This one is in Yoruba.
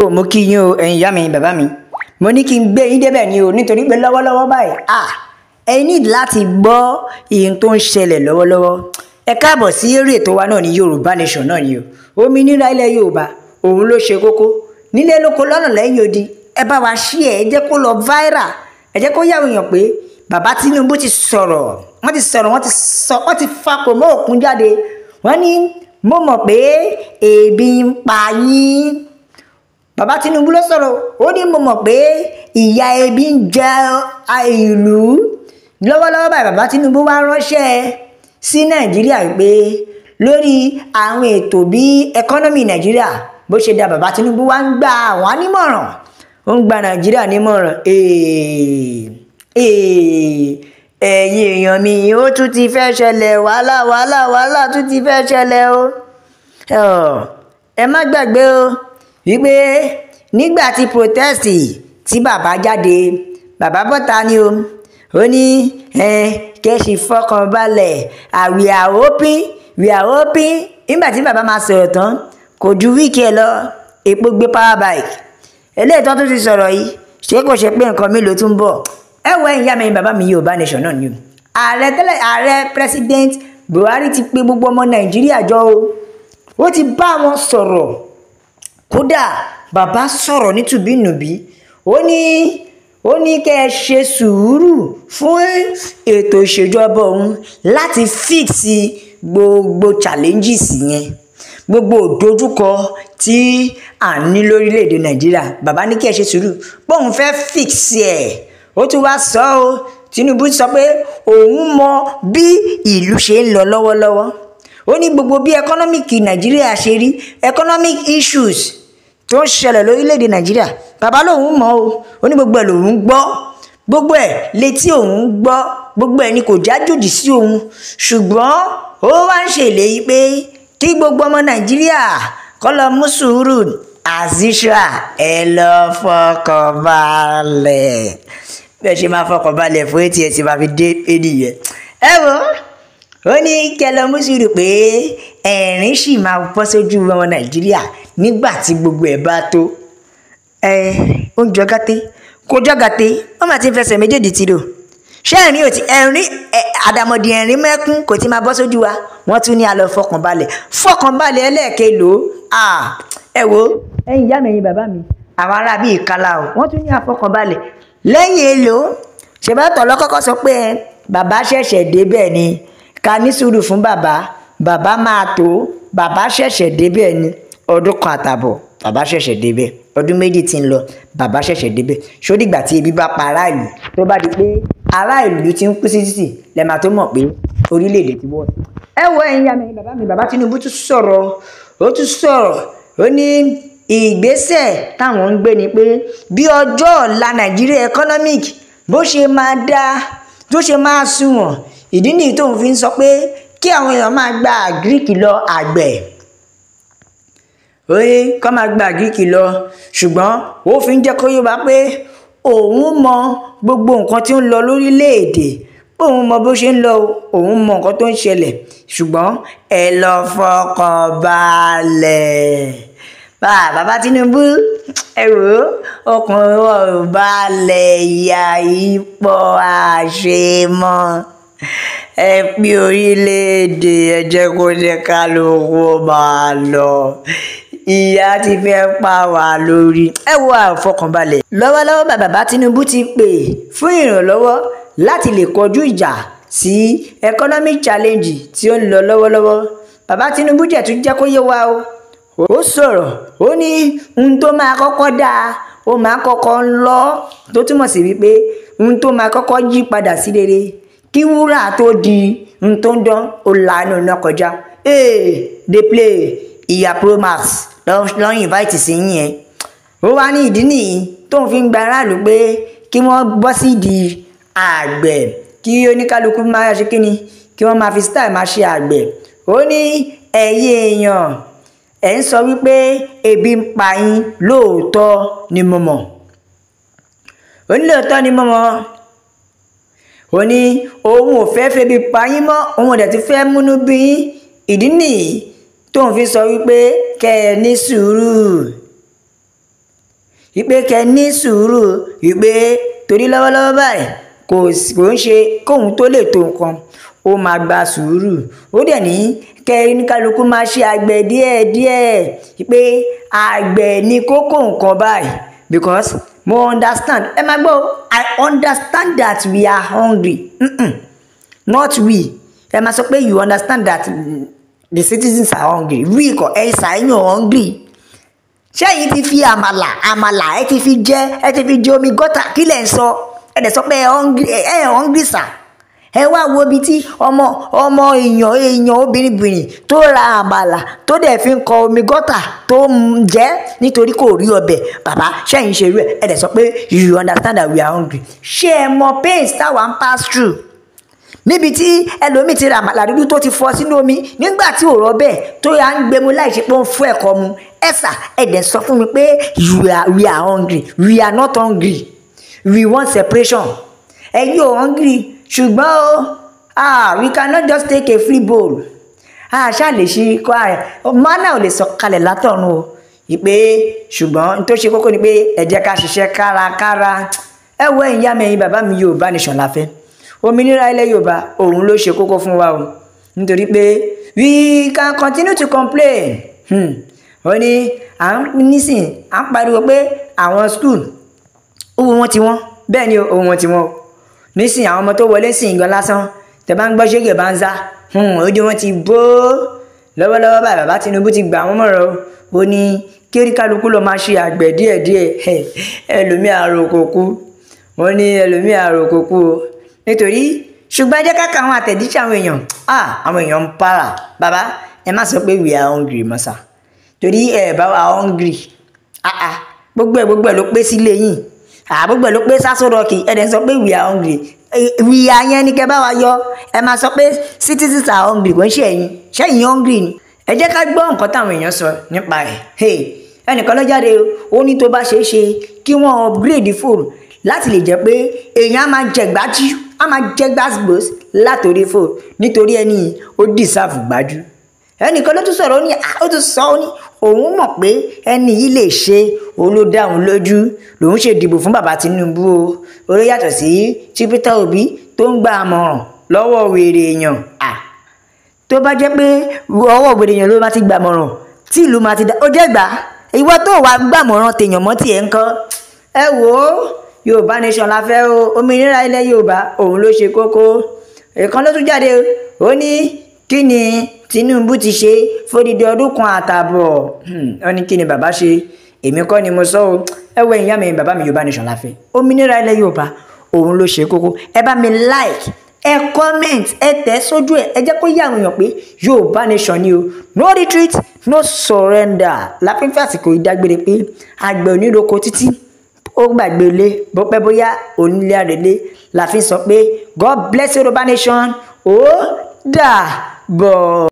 o mo kí yín o ẹ̀yin ìyá mi bàbá mi mo ní kí n gbé yín débẹ̀ ni o nítorí pé lọ́wọ́lọ́wọ́ báyìí à ẹ need láti gbọ́ ìyẹn tó ń ṣẹlẹ̀ lọ́wọ́lọ́wọ́ ẹ káàbọ̀ sí eré ètò wa náà ní Yorùbá Nation náà ni o òmìnira ilẹ̀ Yorùbá òun ló ṣe kókó nílé lóko lọ́nà lẹ́yìn odi ẹ bá wa ṣí ẹ ẹ jẹ́ kó lọ viral ẹ jẹ́ kó yàwó èèyàn pé bàbá Tinubu ti sọ̀rọ̀ wọ́n ti sọ̀rọ̀ wọ́n ti sọ wọ́n ti fakò mọ́ òkun jáde wọ́n ní mo mọ̀ pé ebi ń pa yín bàbá Tinubu ló sọ̀rọ̀ ó ní mo mọ̀ pé ìyà ebi ń jẹ ìlú lọ́wọ́lọ́wọ́ báyìí bàbá Tinubu wá ránṣẹ́ sí Nàìjíríà pé lórí àwọn ètò bí ẹkọ́nọ́mì Nàìjíríà bó ṣe da bàbá Tinubu wá ń gba àwọn anímọ̀ràn ó ń gba Nàìjíríà nímọ̀ràn ẹ̀yin èèyàn mi ó tún ti fẹ́ ṣẹlẹ̀ wàhálà wàhálà wàhálà tún ti fẹ́ ṣẹlẹ̀ o ẹ má gbàgbé o wípé nígbà tí protest tí bàbá jáde bàbá bọ́ta ni o ó ní kẹ́sì fọkàn balẹ̀ we are hoping we are hoping nígbà tí bàbá máa sọ̀rọ̀ tán kò ju wíìkì ẹ̀ lọ epo gbé power bike eléyìí tó tún ti sọ̀rọ̀ yìí ṣé kò ṣe pé nǹkan mi ló tún bọ̀ ẹ wọ ẹ̀yìn ìyá bàbá mi Yorùbá nation náà ni o ààrẹ tẹ́lẹ̀ ààrẹ president Buhari ti pè gbogbo ọmọ Nàìjíríà jọ o ó ti bá wọn sọ̀rọ̀ kódà bàbá sọ̀rọ̀ nítùbínùbí ó ní ó ní kẹ́ ẹ ṣe sùúrù fún ètò ìṣèjọba òun láti fíìsì gbogbo challenges yẹn gbogbo òdojúkọ tí à ń ní lórílẹ̀‐èdè nàìjíríà bàbá ní kí ẹ ṣe sùúrù bóun fẹ́ fíìsì ẹ̀ ó tún wá sọ ọ́ Tinubu sọ pé òun mọ bí ìlú ṣe ń lọ lọ́wọ́lọ́wọ́ ó ní gbogbo bí economic Nàìjíríà ṣe rí economic issues tó ń ṣẹlẹ̀ lórílẹ̀‐èdè nàìjíríà bàbá lòun mọ̀ o ó ní gbogbo ẹ̀ lòun gbọ́ gbogbo ẹ̀ létí òun gbọ́ gbogbo ẹ̀ ni kò jájòjì sí òun ṣùgbọ́n ó wá ń ṣe ìlérí pé kí gbogbo ọmọ nàìjíríà kó lọ mú sùúrù àzíṣà ẹ lọ fọkàn balẹ̀ bẹ́ẹ̀ ṣe máa fọkàn balẹ̀ fún etí ẹ̀ tí máa fi dé ènìyàn ẹ wò ó ní kẹlọmú sùúrù pé ẹ̀rín sì máa bọ́ sójú ọmọ nàìjíríà nígbà tí gbogbo ẹ̀ bá tó ẹ oúnjẹ gàté kọjá gàté wọ́n máa ti fẹsẹ̀ méjèèjì ti dò ṣé ẹ̀rín ò ti ẹ̀rín àdàmọ̀dì ẹ̀rín mẹ́kún kò ti máa bọ́ sójú wa wọ́n tún ní a lọ fọkànbalẹ̀ fọkànbalẹ̀ ẹlẹ́ẹ̀kẹ́lò ẹ wo ẹ̀yin ìyá mi ẹ̀yin bàbá mi àwọn ará bíi ìkala o wọ́n tún ní àfọkànbalẹ̀ lẹ́yìn èlò ṣèbátọ̀ lọ́kọ́kọ́ sọ pé bàbá ṣẹ̀ṣẹ̀ débẹ̀ ni ká ní sùúrù fún bàbá bàbá máa tó bàbá ṣẹ̀ṣẹ̀ débẹ̀ ni ọdún kan àtàbọ̀ bàbá ṣẹ̀ṣẹ̀ débẹ̀ ọdún méjì tí ń lọ bàbá ṣẹ̀ṣẹ̀ débẹ̀ ṣódìgbà tí ebi bá pa aráàlú tó bá di pé aráàlú ti ń kú sí títì lẹ́ẹ̀ma tó mọ̀ pé orílẹ̀-èdè ti wọ̀ ẹ wo ẹ̀yin ya mi bàbá mi bàbá Tinubu tún sọ̀rọ̀ ó tún sọ̀rọ̀ ó ní ìgbésẹ̀ táwọn ń gbé ni pé bí ọjọ́ ọ̀la Nàìjíríà economic bó ṣe máa dáa tó ṣe máa sunwọ̀n ìdí nìyí tóun fi ń sọ pé kí àwọn èèyàn máa gba àgíríkì lọ àgbẹ̀ oye kọ́ máa gba àgíkì lọ ṣùgbọ́n ó fi ń jẹ́ kó yóò bá pé òun mọ gbogbo nǹkan tí ń lọ lórílẹ̀‐èdè òun mọ bó ṣe ń lọ òun mọ nǹkan tó ń ṣẹlẹ̀ ṣùgbọ́n ẹ lọ fọkàn balẹ̀ bàbá Tinubu ẹ wò ó ọkùnrin ọ̀rọ̀ balẹ̀ ìyá ipò àṣemọ́ ẹ pín orílẹ̀-èdè ẹ jẹ́ kó jẹ́ kálukú máa lọ ìyà ti fẹ́ pa wá lórí ẹ wo àfọkànbalẹ̀. lọ́wọ́lọ́wọ́ bàbá Tinubu ti pè fún ìrànlọ́wọ́ láti lè kọjú ìjà sí economic challenge tí ó ń lọ lọ́wọ́lọ́wọ́ bàbá Tinubu jẹ̀ tún jẹ́ kó yé wa o ó sọ̀rọ̀ ó ní ohun tó máa kọ́kọ́ dáa ó máa kọ́kọ́ ń lọ tó túmọ̀ sí wípé ohun tó máa kọ́kọ́ yí padà sí rere kí wúrà tó di ohun tó ń dán ó lànà náà kọjá ee dey play ìyá promax lọ́n invite sí yín yẹn ó wá ní ìdí nìyí tóun fi ń gba aráàlú pé kí wọ́n bọ́ sí ìdí àgbẹ̀ kí oníkálukú máa ṣe kí ni kí wọ́n máa fi style máa ṣe àgbẹ̀ ó ní ẹ̀yin èèyàn ẹ̀ ń sọ wípé ebi ń pa yín lóòótọ́ ni mo mọ̀ ó ní lóòótọ́ ni mo mọ̀ ó ní òun ò fẹ́ febi pa yín mọ́ òun ò dẹ̀ ti fẹ́ múnú bí yín ìdí nìyí tóun fi sọ wípé kẹ ẹ ní sùúrù wípé kẹ ẹ ní sùúrù wípé torí lọ́wọ́lọ́wọ́ báyìí kò kò ń ṣe kóun tó lè tó nǹkan ó máa gba sùúrù ó dẹ̀ ní kẹ ní kálukú máa ṣe àgbẹ̀ díẹ̀díẹ̀ wípé àgbẹ̀ ni kókó nǹkan báyìí because mo understand ẹ máa gbọ́ I understand that we are hungry mm -mm, not we ẹ máa sọ pé you understand that the citizens are hungry we kọ ẹ ṣàyàn hungry ṣẹ́yìn ti fi àmàlà àmàlà ẹ ti fi jẹ ẹ ti fi jẹ omi gọ́tà kí lẹ̀ ń sọ ẹ dẹ̀ sọ pé ẹ hungry sà ẹ wá wo ibi tí ọmọ ọmọ èèyàn èèyàn obìnrinbìnrin tó ra àmàlà tó dẹ̀ fi ń kọ omi gọ́tà tó ń jẹ́ nítorí kò rí ọbẹ̀ bàbá ṣẹ́yìn ṣe rú ẹ ẹ dẹ̀ sọ pé you understand that we are hungry ṣé ẹ mọ pains táwa ń pass through níbi tí ẹlòmíì ti ra àmàlà tó ti fọ sínú omi nígbà tí ò rọ tó yà ń gbẹmu láì ṣe pé ó ń fún ẹ̀kọ́ mu ẹ̀sà ẹ̀dẹ̀ sọ fún mi pé we are hungry we are not hungry we want separation ẹ̀yin ò hungry ṣùgbọ́n o ah we cannot just take a free bowl ah ṣáà lè ṣe kó ààrẹ ah, mánà ò lè sọ kalẹ̀ látọ̀run o ìpè ṣùgbọ́n n tó ṣe kókó ni pé ẹ jẹ́ ká ṣiṣẹ́ kárakára ẹ wọ ẹ̀yìn yá mi ẹ̀yìn bàbá mi Yorùbá nation la fẹ́ òmìnira ilẹ̀ yorùbá òun ló ṣe kókó fún wa o nítorí pé we can continue to complain hmm. ó ní à ń nísìn à ń pariwo pé àwọn school owó wọn ti wọ́n bẹ́ẹ̀ ni owó wọn ti wọ́n o nísìn àwọn ọmọ tó wọlé sí ìgbọ́n lásán tẹ bá ń gbọ́ ṣégè bá ń zá hmm, ojú wọn ti bó lọ́wọ́lọ́wọ́ báyìí bàbá Tinubu ti gbà wọ́n mọ̀rọ̀ ó ní kéré kálukú lọ́ọ́ máa ṣe àgbẹ̀ díẹ̀díẹ̀ ẹlòmíà àròkò kú wọ́n ní ẹlòmíà àròkò kú o nítorí ṣùgbọ́n ẹ jẹ́ káka àwọn àtẹ̀jíṣẹ́ àwọn èèyàn ah, àwọn èèyàn ń para bàbá ẹ má sọ pé we are hungry mọ́sà torí ẹ bá wa hungry ah, ah, gbogbo ẹ gbogbo ẹ ló pé sílé yìí gbogbo ẹ ló pé sásó rọkì ẹ dẹ̀ sọ pé we are hungry eh, we are yẹn ni kẹ bá wa yọ ẹ má sọ pé citizens are hungry kò ń ṣe ẹ̀yin ṣé ẹ̀yin hungry ni ẹ jẹ́ ká gbọ́ nǹkan táwọn èèyàn sọ nípa ẹ̀ ẹnìkan ló ó ní tó bá ṣeé ṣe kí wọ́n upgrade fóònù láti lè jẹ́ pé èèyàn á máa jẹ̀gbájú a máa jẹ gbàgbós látòrí fò nítorí ẹni yìí ó dìsáàfù gbájú ẹnìkan ló tún sọ̀rọ̀ ó ní ah, ó tún sọ ó ní òun mọ̀ pé ẹni yìí lè ṣe òun ló dá lójú lòun ṣe dìbò fún bàbá Tinubu o orí yàtọ̀ sí tí Peter Obi tó ń gba àmọ̀ràn lọ́wọ́ wèrè èèyàn à tó bá jẹ́ pé ọwọ́ wèrè èèyàn ló bá ti gba àmọ̀ràn tí ìlú máa ti dá ó jẹ́ gbà ìwọ tó wàá gbàmọ̀ràn tèèyàn mọ́ tiẹ̀ ńkọ́ ẹ wò ó yorùbá nation la fẹ́ o òmìnira ilẹ̀ yorùbá òun ló ṣe kókó èèkan ló tún jáde ó ní kí ni tinubu ti ṣe fódìdí ọdún kan àtààbọ̀ hmm, ó ní kí ni bàbá ṣe èmi kọ́ ni mo sọ o ẹ wọ ìyá mi bàbá mi yorùbá nation la fẹ́ òmìnira ilẹ̀ yorùbá òun ló ṣe kókó ẹ bá mi like ẹ comment ẹ tẹ̀ sójú ẹ ẹ jẹ́ kó yé àwọn èèyàn pé yorùbá nation ni o no retreat no surrender la fi ń fẹ́ àsìkò ìdágbére pé àgbẹ̀ oníroko títí ó gbàgbé ilé bó pẹ́ bóyá onílé àrèlé la fi sọ pé God bless Yorùbá nation ó dà bọ̀.